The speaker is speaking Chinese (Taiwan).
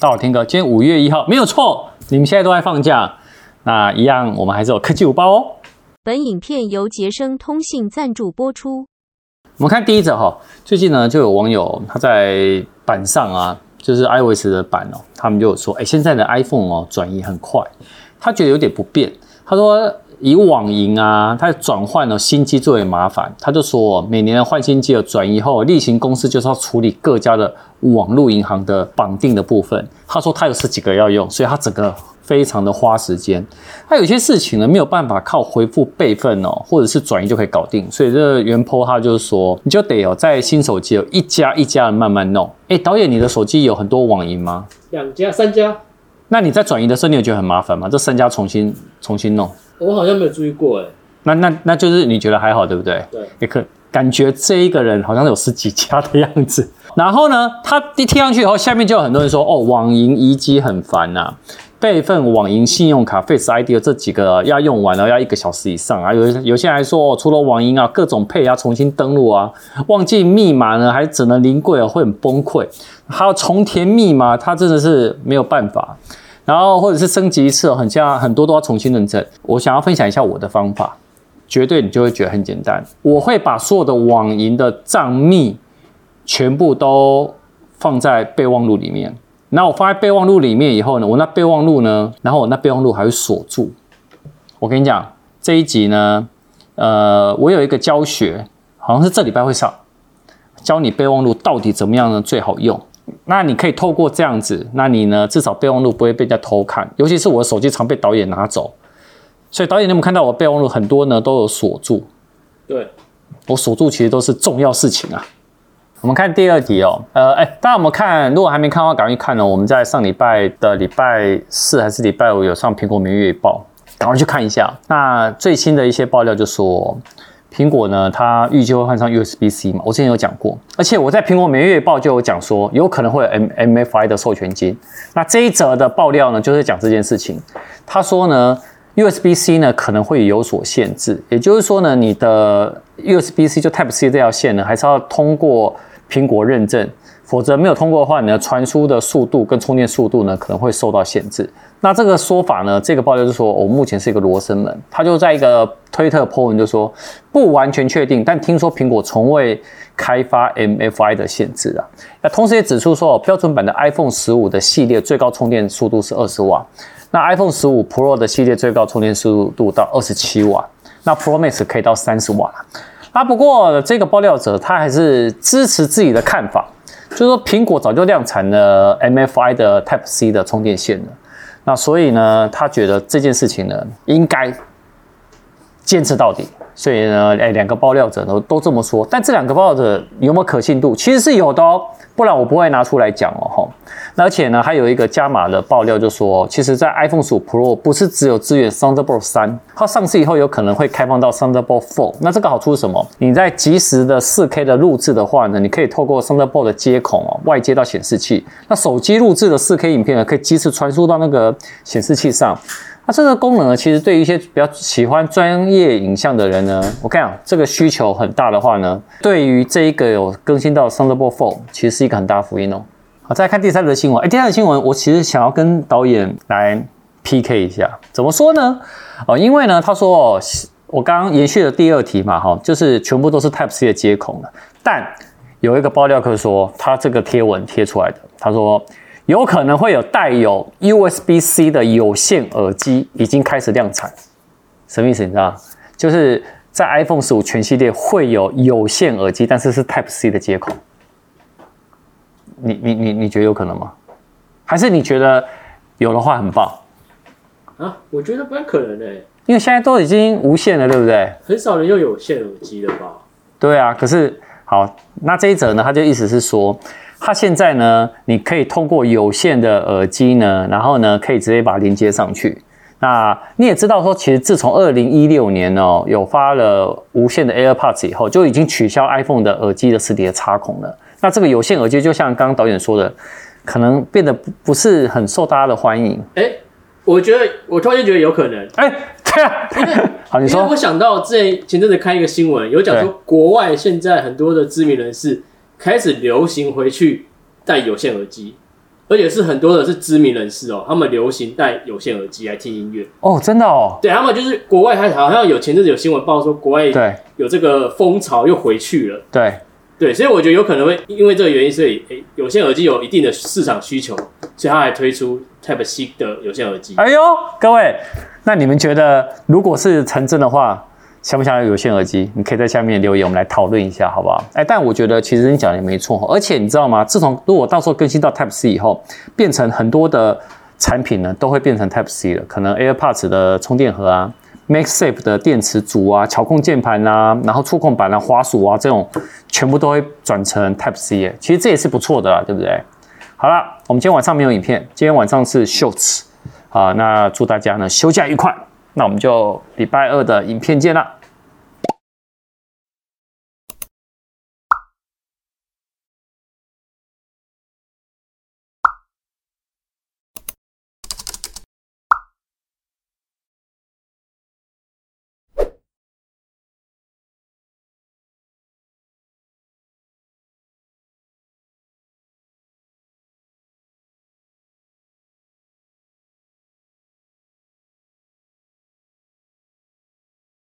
大家好，天哥。今天五月一號沒有錯，你們現在都在放假，那一樣我們還是有科技午報哦。本影片由傑昇通信贊助播出。我們看第一則哈、哦，最近呢就有網友他在板上啊，就是 iOS 的板哦，他們就有說，哎現在的 iPhone 哦轉移很快，他覺得有點不便，他說。以網銀啊，他轉換了新機最為麻煩，他就說每年換新機的轉移後，例行公司就是要處理各家的網絡銀行的綁定的部分。他說他有十幾個要用，所以他整個非常的花時間。他有些事情呢沒有辦法靠恢復備份哦，或者是轉移就可以搞定，所以這個原 PO 他就是說你就得哦在新手機有一家一家的慢慢弄。誒、欸、導演你的手機有很多網銀嗎？兩家，三家。那你在轉移的時候，你有覺得很麻煩嗎？這三家重新重新弄，我好像沒有注意過哎、欸。那那那就是你覺得還好，對不對？對，也可感覺這一個人好像有十幾家的樣子。然後呢，他一貼上去以後，下面就有很多人說哦，網銀移機很煩啊。備份網銀、信用卡、Face ID 的這幾個要用完了，要一個小時以上啊！有有些人還說、哦，除了網銀啊，各種 Pay 要、啊、重新登錄啊，忘記密碼呢，還只能臨櫃啊，會很崩潰。還有重填密碼，它真的是沒有辦法。然後或者是升級一次，很像很多都要重新認證。我想要分享一下我的方法，絕對你就會覺得很簡單。我會把所有的網銀的賬密全部都放在備忘錄裡面。那我放在備忘錄裡面以後呢？我那備忘錄呢？然後我那備忘錄還會鎖住。我跟你講，這一集呢，呃，我有一個教學，好像是這禮拜會上，教你備忘錄到底怎麼樣呢最好用。那你可以透過這樣子，那你呢至少備忘錄不會被人家偷看，尤其是我的手機常被導演拿走，所以導演你有沒有看到我備忘錄很多呢都有鎖住？對，我鎖住其實都是重要事情啊。我們看第二題哦，呃，誒當然我們看，如果還沒看的話，趕快去看哦。我們在上禮拜的禮拜四還是禮拜五有上蘋果每月一報，趕快去看一下。那最新的一些爆料就說，蘋果呢它預計會換上 USB-C 嘛，我之前有講過，而且我在蘋果每月一報就有講說，有可能會有 M-MFI 的授權金。那這一則的爆料呢，就是講這件事情。他說呢，USB-C 呢可能會有所限制，也就是說呢，你的 USB-C 就 Type-C 這條線呢，還是要通過。蘋果認證，否則沒有通過的話，你的傳輸的速度跟充電速度呢可能會受到限制。那這個說法呢，這個爆料就是說，我、哦、目前是一個羅生門，他就在一個推特 po 文就說，不完全確定，但聽說蘋果從未開發 MFI 的限制啊。那、啊、同時也指出說，哦、標準版的 iPhone 十五的系列最高充電速度是二十瓦，那 iPhone 十五 Pro 的系列最高充電速度到二十七瓦，那 Pro Max 可以到三十瓦。啊，不過這個爆料者他還是支持自己的看法，就是說，蘋果早就量產了 MFI 的 Type C 的充電線了，那所以呢，他覺得這件事情呢，應該堅持到底。所以呢，哎、欸，兩個爆料者都都這麼說，但這兩個爆料者有沒有可信度？其實是有的哦，不然我不會拿出來講哦，吼那而且呢，還有一個加碼的爆料，就說，其實，在 iPhone 15 Pro 不是只有支援 Thunderbolt 三，它上市以後有可能會開放到 Thunderbolt 四。那這個好處是什麼？你在即時的四 K 的錄製的話呢，你可以透過 Thunderbolt 的接孔哦，外接到顯示器，那手機錄製的四 K 影片呢，可以即時傳輸到那個顯示器上。它、啊、這個功能呢，其實對於一些比較喜歡專業影像的人呢，我看啊，這個需求很大的話呢，對於這一個有更新到 Thunderbolt 4，其實是一個很大的福音哦。好，再來看第三則新聞。哎，第三則新聞我其實想要跟導演來 PK 一下，怎麼說呢？哦，因為呢，他說哦，我剛剛延續了第二題嘛，哈，就是全部都是 Type C 的接口了。但有一個爆料客說，他這個貼文貼出來的，他說。有可能會有帶有 USB-C 的有線耳機已經開始量產，什麼意思？你知道？就是在 iPhone 十五全系列會有有線耳機，但是是 Type-C 的接口。你、你、你、你覺得有可能嗎？還是你覺得有的話很棒？啊，我覺得不太可能的欸，因為現在都已經無線了，對不對？很少人用有線耳機了吧？對啊，可是好，那這一則呢？他就意思是說。它現在呢，你可以通過有線的耳機呢，然後呢，可以直接把它連接上去。那你也知道說，其實自從二零一六年哦有發了無線的 AirPods 以後，就已經取消 iPhone 的耳機的實體的插孔了。那這個有線耳機就像剛剛導演說的，可能變得不不是很受大家的歡迎。誒、欸、我覺得我突然間覺得有可能。誒、欸、對啊，對啊，因為你說我想到之前前陣子看一個新聞，有講說國外現在很多的知名人士。開始流行回去戴有線耳機，而且是很多的是知名人士哦、喔，他們流行戴有線耳機來聽音樂哦，真的哦，對，他們就是國外開始好像有前陣子有新聞報說國外對有這個風潮又回去了，對對，所以我覺得有可能會因為這個原因，所以誒、欸，有線耳機有一定的市場需求，所以他還推出 Type C 的有線耳機。哎呦，各位，那你們覺得如果是成真的話？想不想要有線耳機？你可以在下面留言，我們來討論一下，好不好？哎、欸，但我覺得其實你講的也沒錯，而且你知道嗎？自從如果到時候更新到 Type C 以後，變成很多的產品呢，都會變成 Type C 了。可能 AirPods 的充電盒啊，MagSafe 的電池組啊，巧控鍵盤啊，然後觸控板啊，滑鼠啊這種，全部都會轉成 Type C 欸。其實這也是不錯的啦，對不對？好了，我們今天晚上沒有影片，今天晚上是 shorts 啊。那祝大家呢休假愉快。那我們就禮拜二的影片見了。